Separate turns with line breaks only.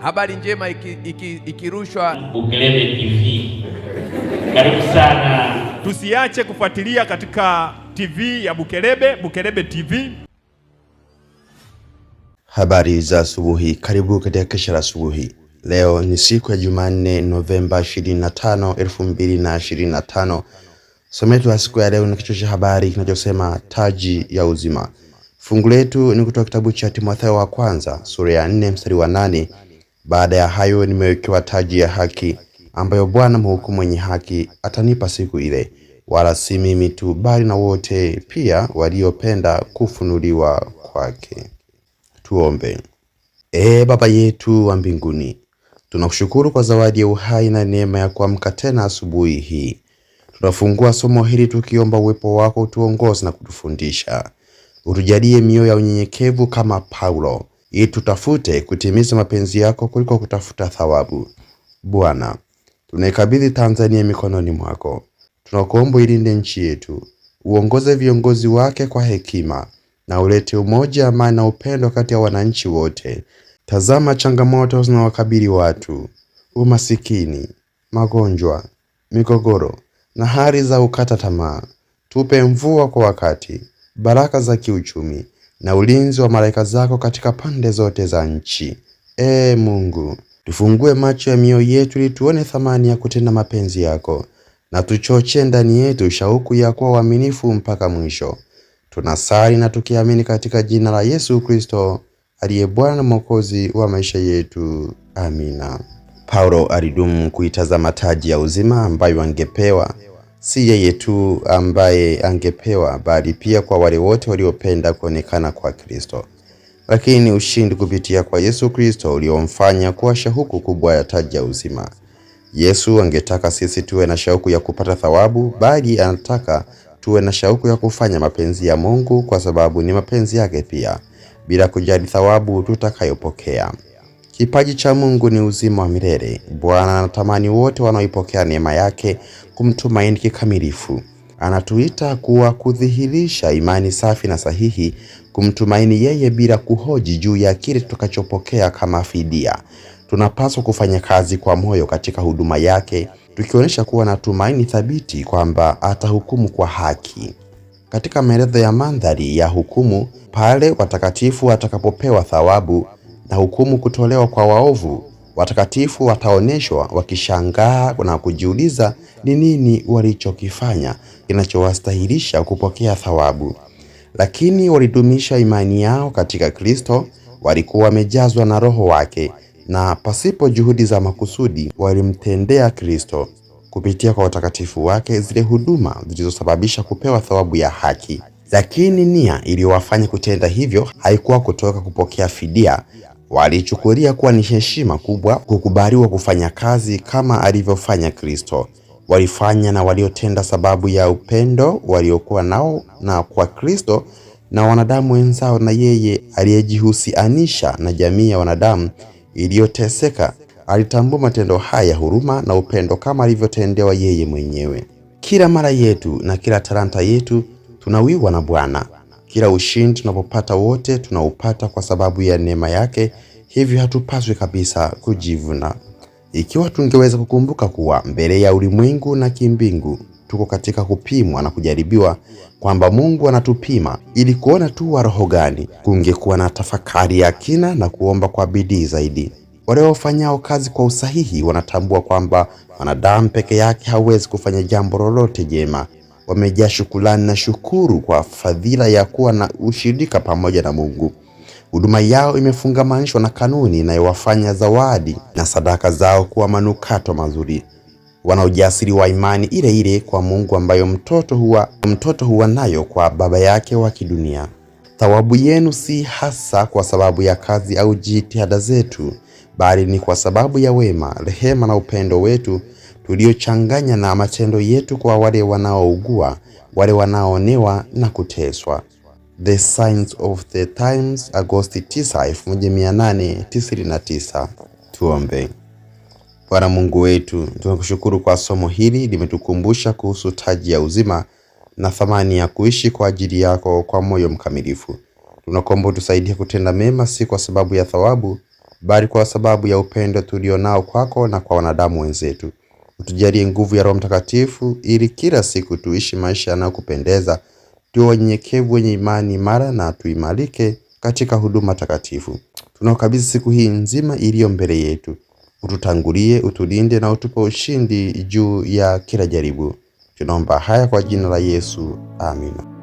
Habari njema ikirushwa iki,
iki Bukelebe TV. Karibu sana,
tusiache kufuatilia katika TV ya Bukelebe, Bukelebe TV.
Habari za asubuhi, karibu katika kesha la asubuhi. Leo ni siku ya Jumanne, Novemba 25, 2025. Somo letu la siku ya leo ni kichwa cha habari kinachosema taji ya uzima. Fungu letu ni kutoka kitabu cha Timotheo wa kwanza sura ya 4 mstari wa 8 baada ya hayo nimewekewa taji ya haki ambayo Bwana mhukumu mwenye haki atanipa siku ile, wala si mimi tu, bali na wote pia waliopenda kufunuliwa kwake. Tuombe.
Ee Baba yetu wa mbinguni, tunakushukuru kwa zawadi ya uhai na neema ya kuamka tena asubuhi hii. Tunafungua somo hili tukiomba uwepo wako utuongoze na kutufundisha. Utujalie mioyo ya unyenyekevu kama Paulo tutafute kutimiza mapenzi yako kuliko kutafuta thawabu. Bwana, tunaikabidhi Tanzania mikononi mwako. Tunakuomba ilinde nchi yetu, uongoze viongozi wake kwa hekima na ulete umoja, amani na upendo kati ya wananchi wote. Tazama changamoto zinawakabili watu: umasikini, magonjwa, migogoro na hali za ukata tamaa. Tupe mvua kwa wakati, baraka za kiuchumi na ulinzi wa malaika zako katika pande zote za nchi. Ee Mungu, tufungue macho ya mioyo yetu ili tuone thamani ya kutenda mapenzi yako, na tuchoche ndani yetu shauku ya kuwa waaminifu mpaka mwisho. Tunasali na tukiamini katika jina la Yesu Kristo aliye Bwana na Mwokozi wa maisha yetu. Amina.
Paulo alidumu kuitazama taji ya uzima ambayo angepewa si yeye tu ambaye angepewa, bali pia kwa wale wote waliopenda kuonekana kwa Kristo. Lakini ni ushindi kupitia kwa Yesu Kristo uliomfanya kuwa shauku kubwa ya taji ya uzima. Yesu angetaka sisi tuwe na shauku ya kupata thawabu, bali anataka tuwe na shauku ya kufanya mapenzi ya Mungu, kwa sababu ni mapenzi yake pia, bila kujali thawabu tutakayopokea. Kipaji cha Mungu ni uzima wa milele. Bwana anatamani wote wanaoipokea neema yake kumtumaini kikamilifu. Anatuita kuwa kudhihirisha imani safi na sahihi, kumtumaini yeye bila kuhoji juu ya kile tutakachopokea kama fidia. Tunapaswa kufanya kazi kwa moyo katika huduma yake, tukionyesha kuwa na tumaini thabiti kwamba atahukumu kwa haki. Katika maelezo ya mandhari ya hukumu, pale watakatifu watakapopewa thawabu na hukumu kutolewa kwa waovu, watakatifu wataonyeshwa wakishangaa na kujiuliza ni nini walichokifanya kinachowastahilisha kupokea thawabu. Lakini walidumisha imani yao katika Kristo, walikuwa wamejazwa na Roho wake na pasipo juhudi za makusudi walimtendea Kristo kupitia kwa utakatifu wake zile huduma zilizosababisha kupewa thawabu ya haki. Lakini nia iliyowafanya kutenda hivyo haikuwa kutoka kupokea fidia, walichukulia kuwa ni heshima kubwa kukubaliwa kufanya kazi kama alivyofanya Kristo. Walifanya na waliotenda sababu ya upendo waliokuwa nao na kwa Kristo na wanadamu wenzao, na yeye aliyejihusianisha na jamii ya wanadamu iliyoteseka alitambua matendo haya ya huruma na upendo kama alivyotendewa yeye mwenyewe. Kila mara yetu na kila talanta yetu tunawiwa na Bwana. Kila ushindi tunapopata wote tunaupata kwa sababu ya neema yake, hivyo hatupaswi kabisa kujivuna. Ikiwa tungeweza kukumbuka kuwa mbele ya ulimwengu na kimbingu tuko katika kupimwa na kujaribiwa, kwamba Mungu anatupima ili kuona tu wa roho gani, kungekuwa na tafakari ya kina na kuomba kwa bidii zaidi. Wale wafanyao kazi kwa usahihi wanatambua kwamba mwanadamu peke yake hawezi kufanya jambo lolote jema wamejaa shukrani na shukuru kwa fadhila ya kuwa na ushirika pamoja na Mungu. Huduma yao imefungamanishwa na kanuni inayowafanya zawadi na sadaka zao kuwa manukato mazuri. Wana ujasiri wa imani ile ile kwa Mungu ambayo mtoto huwa, mtoto huwa nayo kwa baba yake wa kidunia. Thawabu yenu si hasa kwa sababu ya kazi au jitihada zetu, bali ni kwa sababu ya wema, rehema na upendo wetu tuliochanganya na matendo yetu kwa wale wanaougua, wale wanaoonewa na kuteswa.
The Signs of the Times, Agosti 9, 1899. Tuombe.
Bwana Mungu wetu, tunakushukuru kwa somo hili, limetukumbusha kuhusu taji ya uzima na thamani ya kuishi kwa ajili yako kwa moyo mkamilifu. Tunakuomba utusaidie kutenda mema, si kwa sababu ya thawabu, bali kwa sababu ya upendo tulionao kwako na kwa wanadamu wenzetu utujalie nguvu ya Roho Mtakatifu ili kila siku tuishi maisha yanayokupendeza, tuwe wanyenyekevu, wenye imani imara na tuimarike katika huduma takatifu. Tunaokabidhi siku hii nzima iliyo mbele yetu, ututangulie, utulinde na utupe ushindi juu ya kila jaribu. Tunaomba haya kwa jina la Yesu, amina.